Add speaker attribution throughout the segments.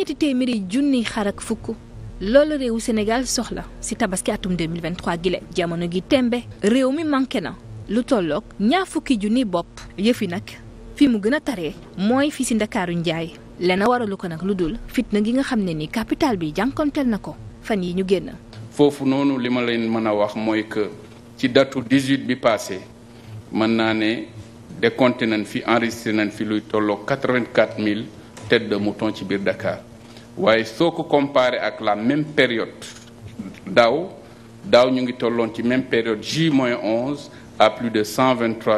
Speaker 1: juróom-ñetti téeméeri junni xarak fukk loolu réewu Sénégal soxla ci tabaski atum 2023 gile jamono gi tembe réew mi manqué na lu tolloog ñaar fukki junni bopp yëfi nag fi mu gën a taree mooy fi ci Ndakaaru Njaay lena waralu ko nag lu dul fitna gi nga xam ne ni capital bi jànkonteel na ko fan yi ñu génn
Speaker 2: foofu noonu li ma leen mën a wax mooy que ci datu 18 bi passé mën naa ne décompté nañ fi enregistré nañ fi luy tolloo 84 000 têtes de mouton ci biir Dakar waaye soo ko comparé ak la même période daw daw ñu ngi tolloon ci même période J moins 11 à plus de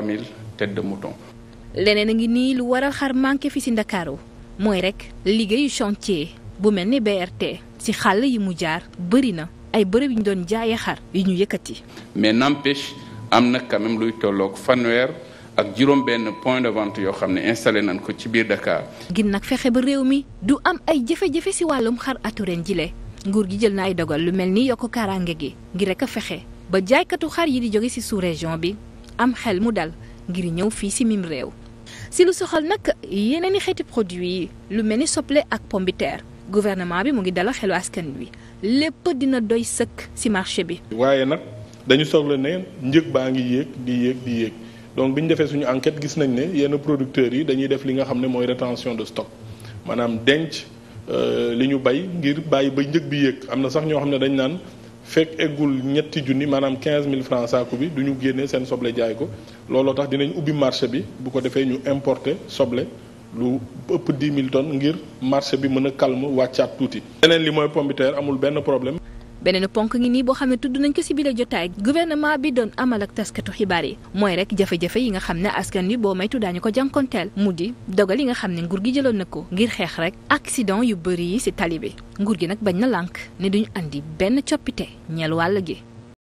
Speaker 2: mille 000 têtes de mouton.
Speaker 1: leneen a ngi nii lu waral xar manqué fi si Ndakaaru mooy rek liggéeyu chantier bu mel ni BRT si xàll yi mu jaar bëri na ay bërëb yu ñu doon jaayee xar yu ñu yëkkati.
Speaker 2: mais n'empêche am na quand luy tolloog fanweer. ak juróom benn point de vente yoo xam ne installé nañ ko ci biir Dakar.
Speaker 1: ngir nag fexe ba réew mi du am ay jafe-jafe si wàllum xar atu jile nguur gi jël na ay dogal lu mel ni yokk karange gi ngir rek a fexe ba jaaykatu xar yi di jóge si sous région bi am xel mu dal ngir ñëw fii si mim réew. si lu soxal nag yeneen i xeeti produit yi lu mel ni soble ak pombiteer gouvernement bi mu ngi dala xelu askan wi lépp dina doy sëkk si marché bi.
Speaker 3: waaye nag dañu soxla donc bi ñu defee suñu enquête gis nañ ne yenn producteurs yi dañuy def li nga xam ne mooy rétention de stock maanaam denc euh, li ñu bay ngir bàyyi ba njëg bi yéeg am na sax ñoo xam ne dañu naan fekk eggul ñetti junni maanaam quinze mille francs saaku bi du ñu génnee seen soble jaay ko looloo tax dinañ ubbi marché bi bu ko defee ñu importer soble lu ëpp 10 000 tonnes ngir marché bi mën a calme wàccaat tuuti. leneen li mooy pomme amul benn problème.
Speaker 1: beneen ponk ngi nii boo xam ne tudd nañ ko ci bile jotaay gouvernement bi doon amal ak taskatu xibaar yi mooy rek jafe-jafe yi nga xam ne askan yi boo maytu daañu ko jànkonteel mu di dogal yi nga xam ne nguur gi jëloon na ko ngir xeex rek sidon yu bëri yi ci tali bi nguur gi nag bañ na lànk ne duñu indi benn coppite ñeel wàll gi